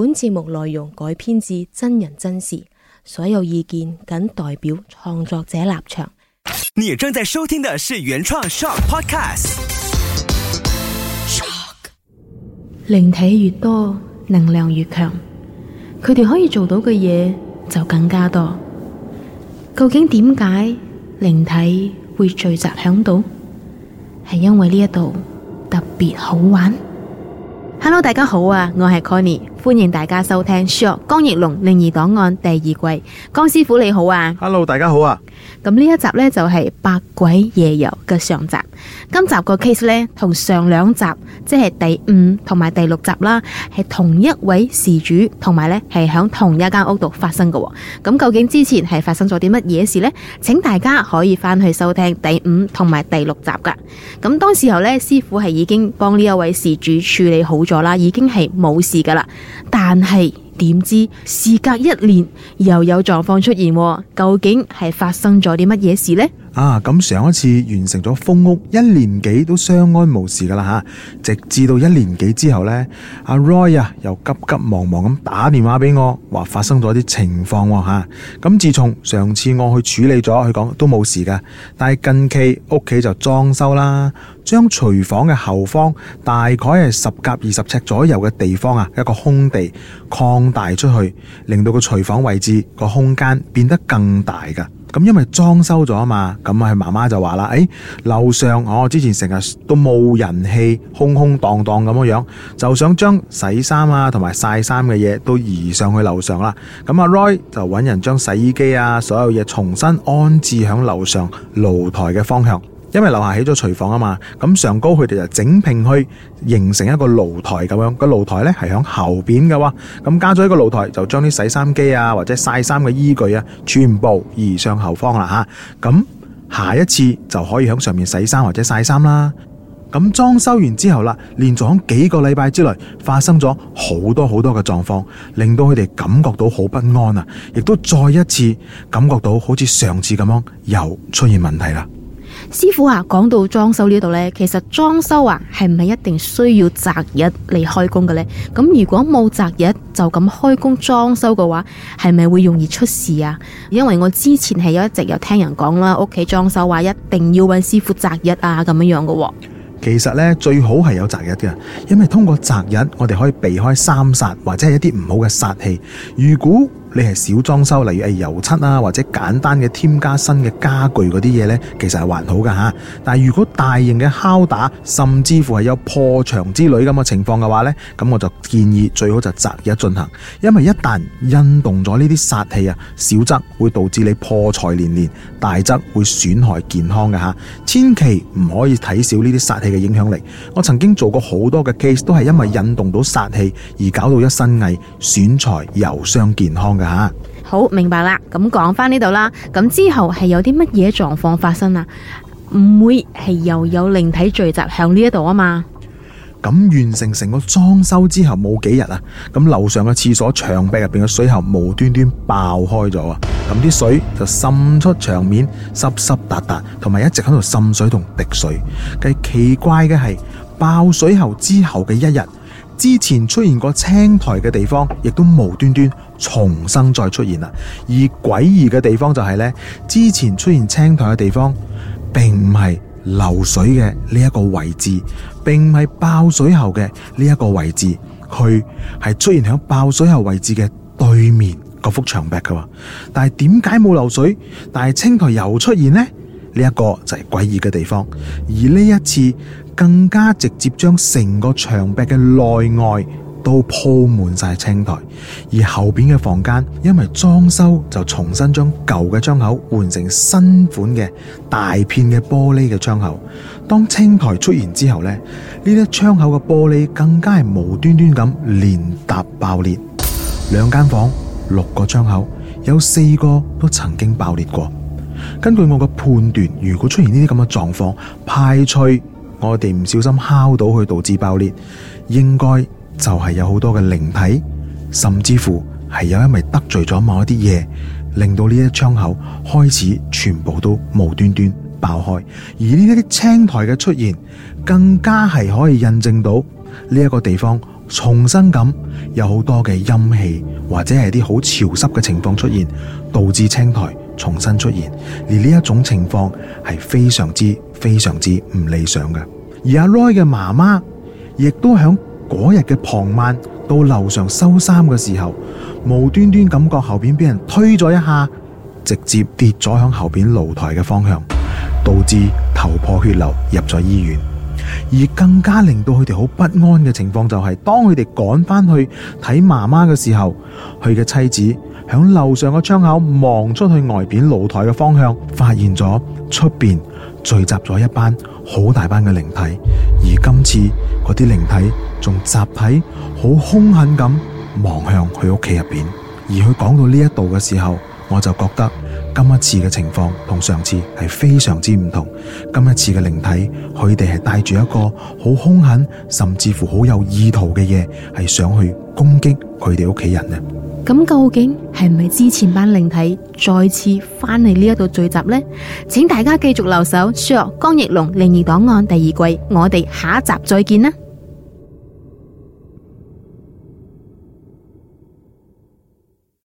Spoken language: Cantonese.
本節目內容改編自真人真事，所有意見僅代表創作者立場。你正在收聽的是原創 Shock Podcast。靈體越多，能量越強，佢哋可以做到嘅嘢就更加多。究竟點解靈體會聚集響度？係因為呢一度特別好玩。Hello，大家好啊，我係 Connie。歡迎大家收聽 Sh ot,《s h 江奕龍靈異檔案》第二季。江師傅你好啊，Hello，大家好啊。咁呢一集呢，就係《百鬼夜遊》嘅上集。今集個 case 呢，同上兩集，即係第五同埋第六集啦，係同一位事主同埋呢係喺同一間屋度發生嘅。咁究竟之前係發生咗啲乜嘢事呢？請大家可以翻去收聽第五同埋第六集噶。咁當時候呢，師傅係已經幫呢一位事主處理好咗啦，已經係冇事噶啦。但係點知，事隔一年又有狀況出現，究竟係發生咗啲乜嘢事呢？啊，咁上一次完成咗封屋，一年幾都相安無事噶啦吓，直至到一年幾之後呢，阿 Roy 啊，又急急忙忙咁打電話俾我，話發生咗啲情況吓。咁、啊、自從上次我去處理咗，佢講都冇事噶，但係近期屋企就裝修啦，將廚房嘅後方大概係十甲二十尺左右嘅地方啊，一個空地擴大出去，令到個廚房位置個空間變得更大噶。咁因為裝修咗啊嘛，咁啊佢媽媽就話啦，誒、哎、樓上我、哦、之前成日都冇人氣，空空蕩蕩咁樣，就想將洗衫啊同埋晒衫嘅嘢都移上去樓上啦。咁、嗯、阿 Roy 就揾人將洗衣機啊所有嘢重新安置響樓上露台嘅方向。因為樓下起咗廚房啊嘛，咁上高佢哋就整平去形成一個露台咁樣，個露台呢，係響後邊嘅話，咁加咗一個露台就將啲洗衫機啊或者曬衫嘅衣具啊全部移上後方啦吓，咁、啊、下一次就可以響上面洗衫或者曬衫啦。咁、啊、裝修完之後啦，連續響幾個禮拜之內發生咗好多好多嘅狀況，令到佢哋感覺到好不安啊，亦都再一次感覺到好似上次咁樣又出現問題啦。師傅啊，講到裝修呢度呢，其實裝修啊係唔係一定需要擇日嚟開工嘅呢？咁如果冇擇日就咁開工裝修嘅話，係咪會容易出事啊？因為我之前係有一直有聽人講啦，屋企裝修話一定要揾師傅擇日啊咁樣樣嘅喎。其實呢，最好係有擇日嘅，因為通過擇日我哋可以避開三煞或者係一啲唔好嘅煞氣。如果你係小裝修，例如誒油漆啊，或者簡單嘅添加新嘅家具嗰啲嘢呢，其實係還好噶吓。但係如果大型嘅敲打，甚至乎係有破牆之類咁嘅情況嘅話呢，咁我就建議最好就擇日進行，因為一旦引動咗呢啲煞氣啊，小則會導致你破財連連，大則會損害健康嘅吓。千祈唔可以睇小呢啲煞氣嘅影響力。我曾經做過好多嘅 case，都係因為引動到煞氣而搞到一身蟻，損財又傷健康。吓，好明白啦。咁講翻呢度啦，咁之後係有啲乜嘢狀況發生啊？唔會係又有靈體聚集喺呢一度啊嘛？咁完成成個裝修之後冇幾日啊，咁樓上嘅廁所牆壁入邊嘅水喉無端端爆開咗啊！咁啲水就滲出牆面，濕濕噠噠，同埋一直喺度滲水同滴水。計奇怪嘅係，爆水喉之後嘅一日。之前出現過青苔嘅地方，亦都無端端重新再出現啦。而詭異嘅地方就係、是、呢，之前出現青苔嘅地方，並唔係流水嘅呢一個位置，並唔係爆水喉嘅呢一個位置，佢係出現喺爆水喉位置嘅對面嗰幅墻壁噶。但係點解冇漏水，但係青苔又出現呢？呢一個就係詭異嘅地方，而呢一次更加直接將成個牆壁嘅內外都鋪滿晒青苔，而後邊嘅房間因為裝修就重新將舊嘅窗口換成新款嘅大片嘅玻璃嘅窗口。當青苔出現之後呢，呢啲窗口嘅玻璃更加係無端端咁連搭爆裂，兩間房，六個窗口，有四個都曾經爆裂過。根據我嘅判斷，如果出現呢啲咁嘅狀況，排除我哋唔小心敲到去導致爆裂，應該就係有好多嘅靈體，甚至乎係有因為得罪咗某一啲嘢，令到呢一窗口開始全部都無端端爆開，而呢一啲青苔嘅出現，更加係可以印證到呢一個地方重新咁，有好多嘅陰氣或者係啲好潮濕嘅情況出現，導致青苔。重新出現，而呢一種情況係非常之非常之唔理想嘅。而阿 Roy 嘅媽媽亦都響嗰日嘅傍晚到樓上收衫嘅時候，無端端感覺後邊俾人推咗一下，直接跌咗響後邊露台嘅方向，導致頭破血流入咗醫院。而更加令到佢哋好不安嘅情況就係、是，當佢哋趕返去睇媽媽嘅時候，佢嘅妻子。喺樓上嘅窗口望出去外邊露台嘅方向，發現咗出邊聚集咗一班好大班嘅靈體，而今次嗰啲靈體仲集體好凶狠咁望向佢屋企入邊。而佢講到呢一度嘅時候，我就覺得今一次嘅情況同上次係非常之唔同。今一次嘅靈體，佢哋係帶住一個好凶狠，甚至乎好有意圖嘅嘢，係想去攻擊佢哋屋企人嘅。咁究竟係唔係之前班靈體再次返嚟呢度聚集呢？請大家繼續留守，Sure, 江奕龍靈異檔案第二季，我哋下一集再見啦！